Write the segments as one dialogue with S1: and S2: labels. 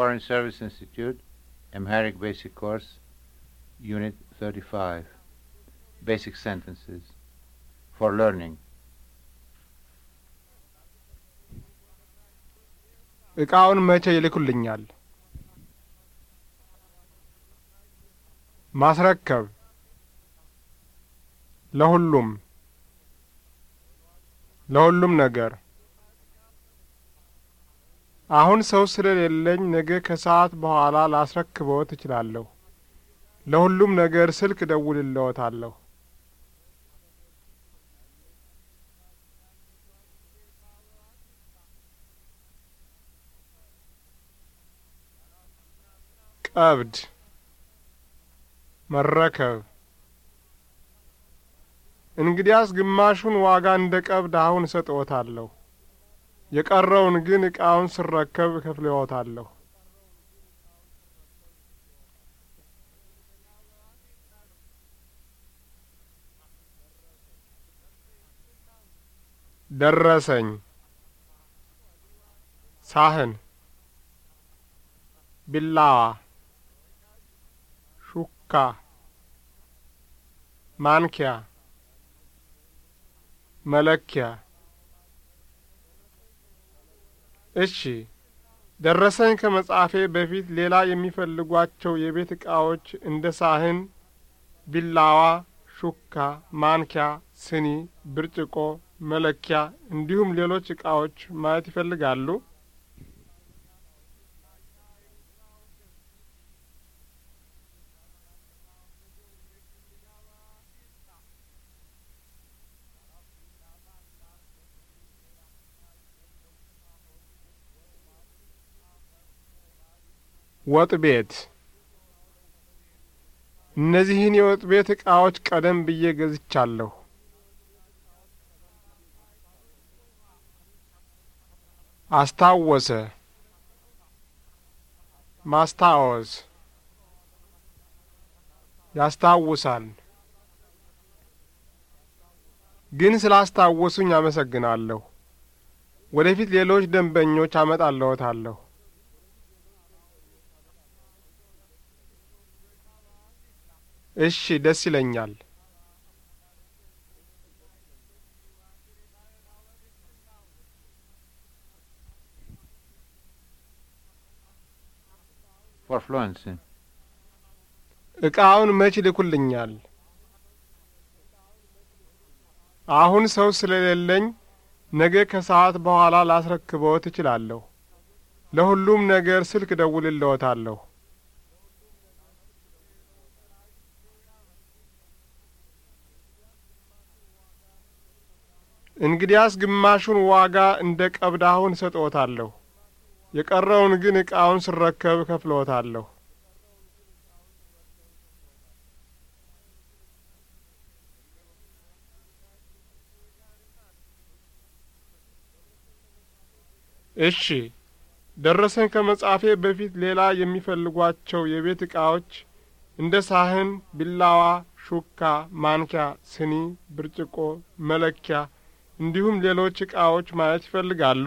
S1: Foreign Service Institute, Amharic Basic Course, Unit 35, Basic Sentences for Learning. እቃውን መቼ ይልኩልኛል? ማስረከብ ለሁሉም ለሁሉም ነገር አሁን ሰው ስለሌለኝ ነገ ከሰዓት በኋላ ላስረክበዎት እችላለሁ ለሁሉም ነገር ስልክ እደውልልዎታለሁ። ቀብድ መረከብ። እንግዲያስ ግማሹን ዋጋ እንደ ቀብድ አሁን እሰጥዎታለሁ። የቀረውን ግን እቃውን ስረከብ እከፍልዎታለሁ። ደረሰኝ ሳህን ቢላዋ ሹካ ማንኪያ መለኪያ እሺ። ደረሰኝ ከመጻፌ በፊት ሌላ የሚፈልጓቸው የቤት ዕቃዎች እንደ ሳህን፣ ቢላዋ፣ ሹካ፣ ማንኪያ፣ ስኒ፣ ብርጭቆ፣ መለኪያ እንዲሁም ሌሎች ዕቃዎች ማየት ይፈልጋሉ? ወጥ ቤት። እነዚህን የወጥ ቤት ዕቃዎች ቀደም ብዬ ገዝቻለሁ። አስታወሰ፣ ማስታወስ፣ ያስታውሳል። ግን ስላስታወሱኝ አመሰግናለሁ። ወደፊት ሌሎች ደንበኞች አመጣለሁታለሁ። እሺ፣ ደስ ይለኛል። እቃውን መች ልኩልኛል። አሁን ሰው ስለሌለኝ ነገ ከሰዓት በኋላ ላስረክበው ትችላለሁ። ለሁሉም ነገር ስልክ ደውልልዎታለሁ። እንግዲያስ ግማሹን ዋጋ እንደ ቀብዳሁን ሰጥዎታለሁ፣ የቀረውን ግን ዕቃውን ስረከብ ከፍለዎታለሁ። እሺ፣ ደረሰኝ ከመጻፌ በፊት ሌላ የሚፈልጓቸው የቤት ዕቃዎች እንደ ሳህን፣ ቢላዋ፣ ሹካ፣ ማንኪያ፣ ስኒ፣ ብርጭቆ፣ መለኪያ እንዲሁም ሌሎች ዕቃዎች ማየት ይፈልጋሉ?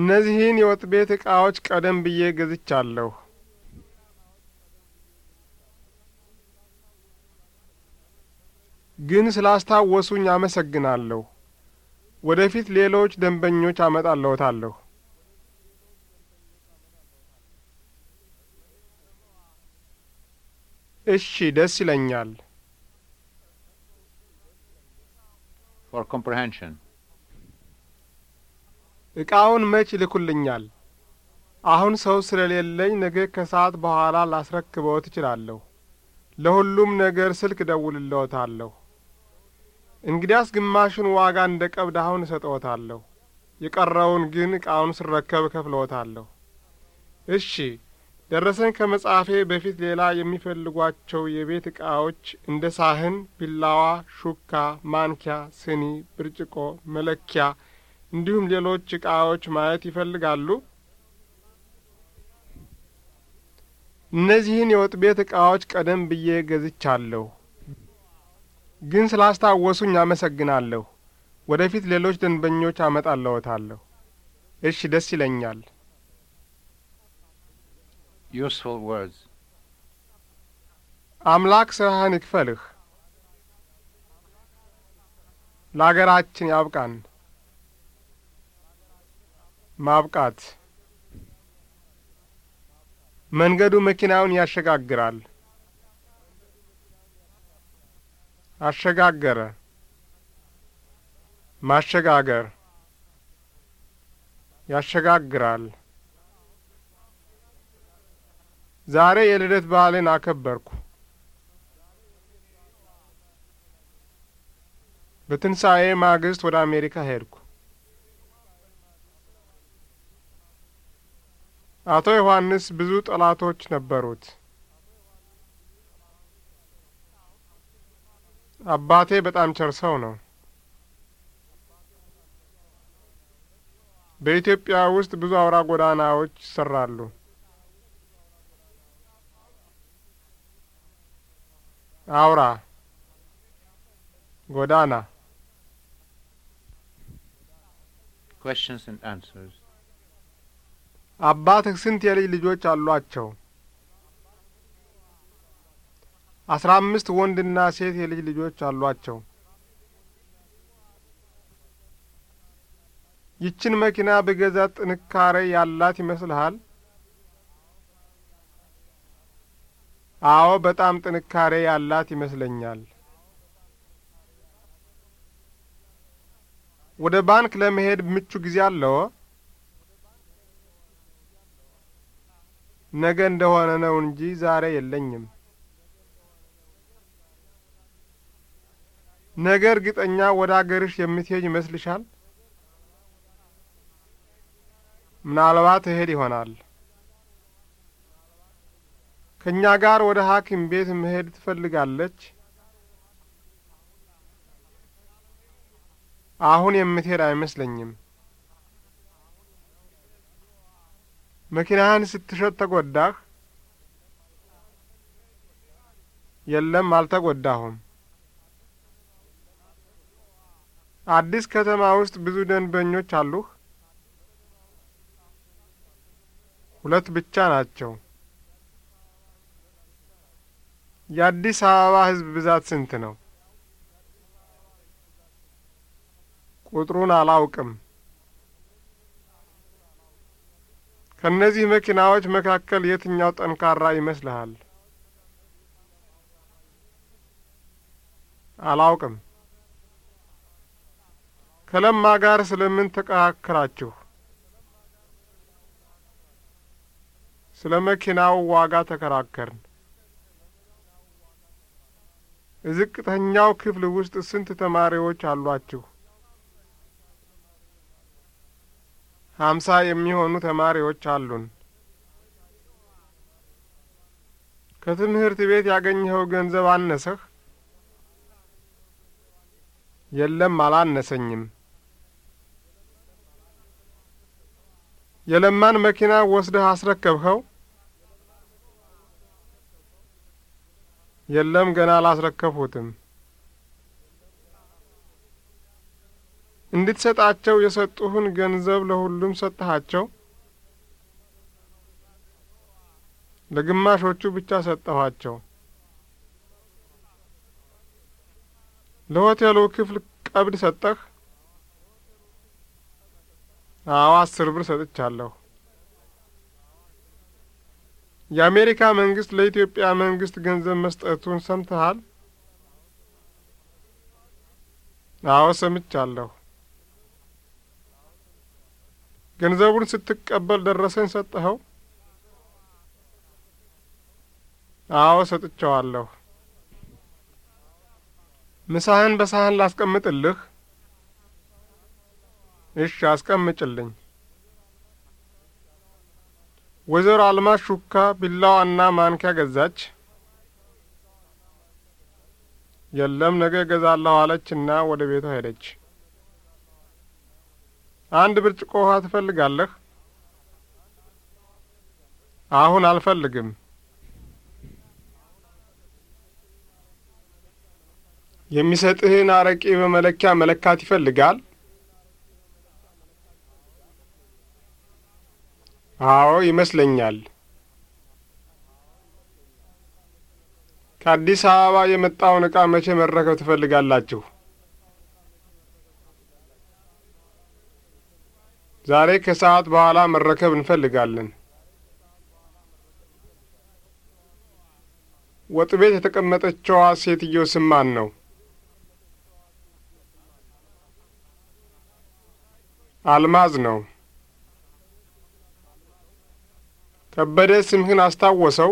S1: እነዚህን የወጥ ቤት ዕቃዎች ቀደም ብዬ ገዝቻለሁ። ግን ስላስታወሱኝ አመሰግናለሁ። ወደፊት ሌሎች ደንበኞች አመጣለሁታለሁ። እሺ፣ ደስ ይለኛል። ፎር ኮምፕሬንሽን እቃውን መች ይልኩልኛል? አሁን ሰው ስለሌለኝ ነገ ከሰዓት በኋላ ላስረክበው ትችላለሁ። ለሁሉም ነገር ስልክ እደውልልዎታለሁ። እንግዲያስ ግማሹን ዋጋ እንደ ቀብድ አሁን እሰጥዎታለሁ፣ የቀረውን ግን ዕቃውን ስረከብ እከፍልዎታለሁ። እሺ፣ ደረሰኝ ከመጻፌ በፊት ሌላ የሚፈልጓቸው የቤት ዕቃዎች እንደ ሳህን፣ ቢላዋ፣ ሹካ፣ ማንኪያ፣ ስኒ፣ ብርጭቆ፣ መለኪያ እንዲሁም ሌሎች ዕቃዎች ማየት ይፈልጋሉ? እነዚህን የወጥ ቤት ዕቃዎች ቀደም ብዬ ገዝቻለሁ። ግን ስላስታወሱኝ አመሰግናለሁ። ወደፊት ሌሎች ደንበኞች አመጣለዎታለሁ። እሺ፣ ደስ ይለኛል። ዩስፉል ወርድስ አምላክ ስራህን ይክፈልህ። ለአገራችን ያብቃን። ማብቃት መንገዱ መኪናውን ያሸጋግራል። አሸጋገረ ማሸጋገር ያሸጋግራል። ዛሬ የልደት በዓልን አከበርኩ። በትንሣኤ ማግስት ወደ አሜሪካ ሄድኩ። አቶ ዮሐንስ ብዙ ጠላቶች ነበሩት። አባቴ በጣም ቸር ሰው ነው። በኢትዮጵያ ውስጥ ብዙ አውራ ጎዳናዎች ይሰራሉ። አውራ ጎዳና አባትህ ስንት የልጅ ልጆች አሏቸው? አስራ አምስት ወንድና ሴት የልጅ ልጆች አሏቸው። ይችን መኪና ብገዛ ጥንካሬ ያላት ይመስልሃል? አዎ፣ በጣም ጥንካሬ ያላት ይመስለኛል። ወደ ባንክ ለመሄድ ምቹ ጊዜ አለው? ነገ እንደሆነ ነው እንጂ ዛሬ የለኝም። ነገ እርግጠኛ ወደ አገርሽ የምትሄጅ ይመስልሻል? ምናልባት እሄድ ይሆናል። ከእኛ ጋር ወደ ሐኪም ቤት መሄድ ትፈልጋለች? አሁን የምትሄድ አይመስለኝም። መኪናህን ስትሸጥ ተጐዳህ? የለም፣ አልተጐዳሁም። አዲስ ከተማ ውስጥ ብዙ ደንበኞች አሉህ? ሁለት ብቻ ናቸው። የአዲስ አበባ ህዝብ ብዛት ስንት ነው? ቁጥሩን አላውቅም። ከእነዚህ መኪናዎች መካከል የትኛው ጠንካራ ይመስልሃል? አላውቅም። ከለማ ጋር ስለምን ተከራከራችሁ? ስለ መኪናው ዋጋ ተከራከርን። ዝቅተኛው ክፍል ውስጥ ስንት ተማሪዎች አሏችሁ? ሀምሳ የሚሆኑ ተማሪዎች አሉን። ከትምህርት ቤት ያገኘኸው ገንዘብ አነሰህ? የለም፣ አላነሰኝም። የለማን መኪና ወስደህ አስረከብኸው? የለም ገና አላስረከብሁትም። እንድትሰጣቸው የሰጡህን ገንዘብ ለሁሉም ሰጠሃቸው? ለግማሾቹ ብቻ ሰጠኋቸው። ለሆቴሉ ክፍል ቀብድ ሰጠህ? አዎ አስር ብር ሰጥቻለሁ። የአሜሪካ መንግስት ለኢትዮጵያ መንግስት ገንዘብ መስጠቱን ሰምተሃል? አዎ ሰምቻለሁ። ገንዘቡን ስትቀበል ደረሰኝ ሰጠኸው? አዎ ሰጥቸዋለሁ። ምሳህን በሳህን ላስቀምጥልህ? እሺ አስቀምጭልኝ። ወይዘሮ አልማዝ ሹካ ቢላዋና ማንኪያ ገዛች። የለም ነገ እገዛለሁ አለችና ወደ ቤቷ ሄደች። አንድ ብርጭቆ ውሃ ትፈልጋለህ? አሁን አልፈልግም። የሚሰጥህን አረቄ በመለኪያ መለካት ይፈልጋል? አዎ ይመስለኛል። ከአዲስ አበባ የመጣውን ዕቃ መቼ መረከብ ትፈልጋላችሁ? ዛሬ ከሰዓት በኋላ መረከብ እንፈልጋለን። ወጥ ቤት የተቀመጠችዋ ሴትዮ ስም ማን ነው? አልማዝ ነው። ከበደ ስምህን አስታወሰው?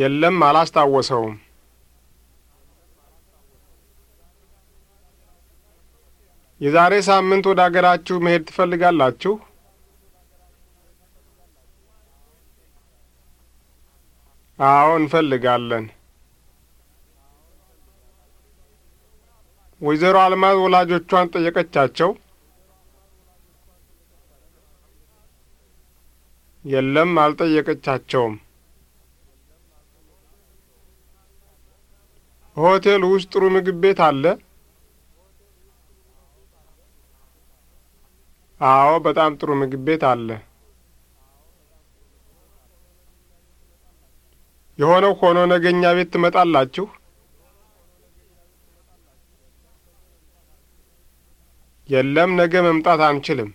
S1: የለም፣ አላስታወሰውም። የዛሬ ሳምንት ወደ አገራችሁ መሄድ ትፈልጋላችሁ? አዎ፣ እንፈልጋለን። ወይዘሮ አልማዝ ወላጆቿን ጠየቀቻቸው። የለም፣ አልጠየቀቻቸውም። ሆቴል ውስጥ ጥሩ ምግብ ቤት አለ? አዎ፣ በጣም ጥሩ ምግብ ቤት አለ። የሆነው ሆኖ ነገኛ ቤት ትመጣላችሁ? የለም፣ ነገ መምጣት አንችልም።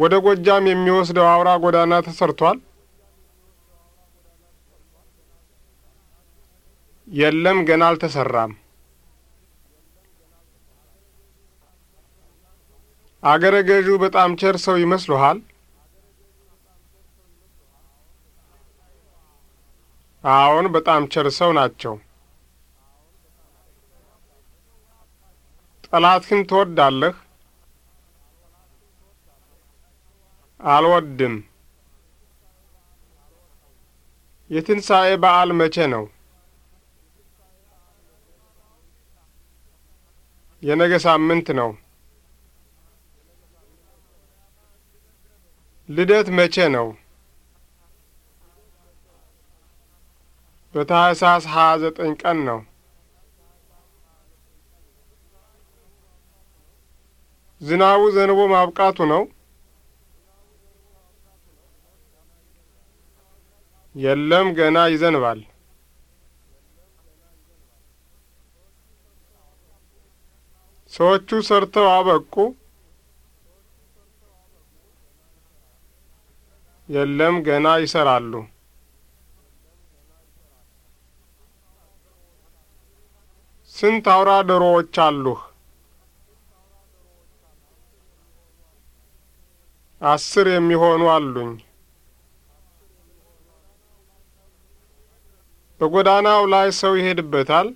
S1: ወደ ጎጃም የሚወስደው አውራ ጎዳና ተሰርቷል? የለም፣ ገና አልተሰራም። አገረ ገዡ በጣም ቸር ሰው ይመስሉሃል? አዎን፣ በጣም ቸር ሰው ናቸው። ጠላትህን ትወዳለህ? አልወድም። የትንሣኤ በዓል መቼ ነው? የነገ ሳምንት ነው። ልደት መቼ ነው? በታህሳስ ሀያ ዘጠኝ ቀን ነው። ዝናቡ ዘንቦ ማብቃቱ ነው። የለም ገና ይዘንባል። ሰዎቹ ሰርተው አበቁ? የለም ገና ይሰራሉ። ስንት አውራ ዶሮዎች አሉህ? አስር የሚሆኑ አሉኝ። በጎዳናው ላይ ሰው ይሄድበታል?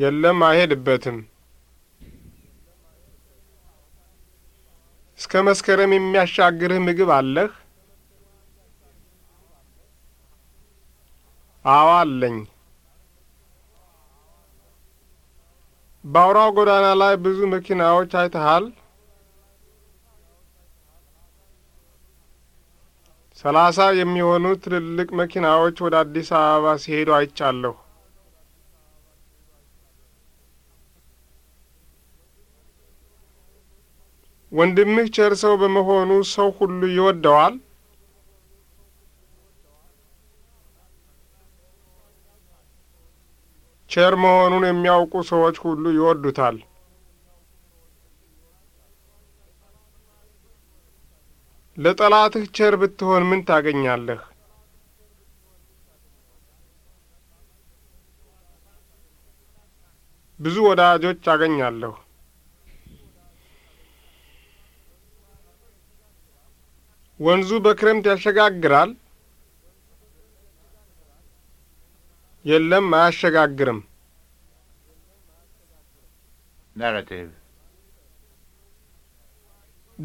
S1: የለም፣ አይሄድበትም። እስከ መስከረም የሚያሻግርህ ምግብ አለህ? አዋ አለኝ። በአውራው ጎዳና ላይ ብዙ መኪናዎች አይተሃል? ሰላሳ የሚሆኑ ትልልቅ መኪናዎች ወደ አዲስ አበባ ሲሄዱ አይቻለሁ። ወንድምህ ቸር ሰው በመሆኑ ሰው ሁሉ ይወደዋል። ቸር መሆኑን የሚያውቁ ሰዎች ሁሉ ይወዱታል። ለጠላትህ ቸር ብትሆን ምን ታገኛለህ? ብዙ ወዳጆች አገኛለሁ። ወንዙ በክረምት ያሸጋግራል? የለም፣ አያሸጋግርም። ናራቲቭ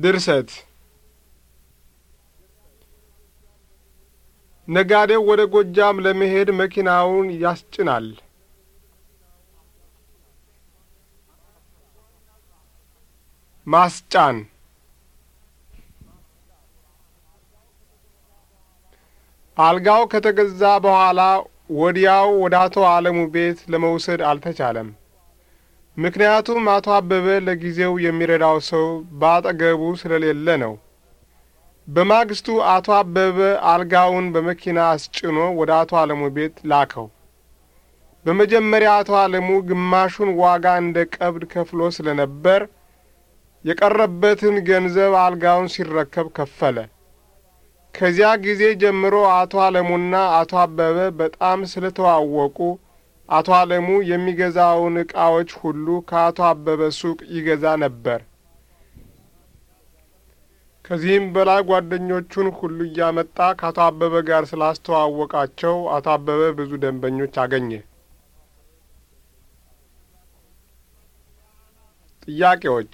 S1: ድርሰት ነጋዴው ወደ ጎጃም ለመሄድ መኪናውን ያስጭናል። ማስጫን አልጋው ከተገዛ በኋላ ወዲያው ወደ አቶ አለሙ ቤት ለመውሰድ አልተቻለም። ምክንያቱም አቶ አበበ ለጊዜው የሚረዳው ሰው በአጠገቡ ስለሌለ ነው። በማግስቱ አቶ አበበ አልጋውን በመኪና አስጭኖ ወደ አቶ አለሙ ቤት ላከው። በመጀመሪያ አቶ አለሙ ግማሹን ዋጋ እንደ ቀብድ ከፍሎ ስለነበር የቀረበትን ገንዘብ አልጋውን ሲረከብ ከፈለ። ከዚያ ጊዜ ጀምሮ አቶ አለሙና አቶ አበበ በጣም ስለተዋወቁ አቶ አለሙ የሚገዛውን ዕቃዎች ሁሉ ከአቶ አበበ ሱቅ ይገዛ ነበር። ከዚህም በላይ ጓደኞቹን ሁሉ እያመጣ ከአቶ አበበ ጋር ስላስተዋወቃቸው አቶ አበበ ብዙ ደንበኞች አገኘ። ጥያቄዎች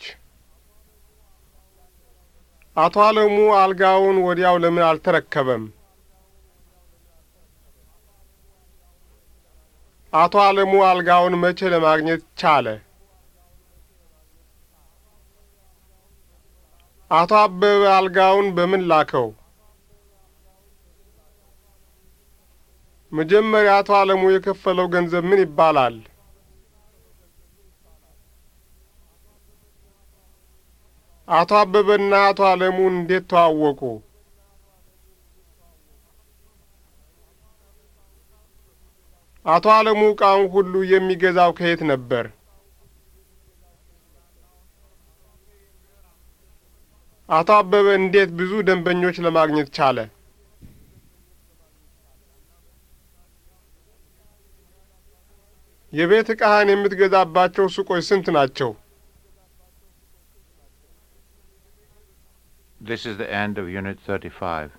S1: አቶ አለሙ አልጋውን ወዲያው ለምን አልተረከበም? አቶ አለሙ አልጋውን መቼ ለማግኘት ቻለ? አቶ አበበ አልጋውን በምን ላከው? መጀመሪያ አቶ አለሙ የከፈለው ገንዘብ ምን ይባላል? አቶ አበበና አቶ አለሙ እንዴት ተዋወቁ? አቶ አለሙ ዕቃውን ሁሉ የሚገዛው ከየት ነበር? አቶ አበበ እንዴት ብዙ ደንበኞች ለማግኘት ቻለ? የቤት ዕቃህን የምትገዛባቸው ሱቆች ስንት ናቸው? This is the end of Unit 35.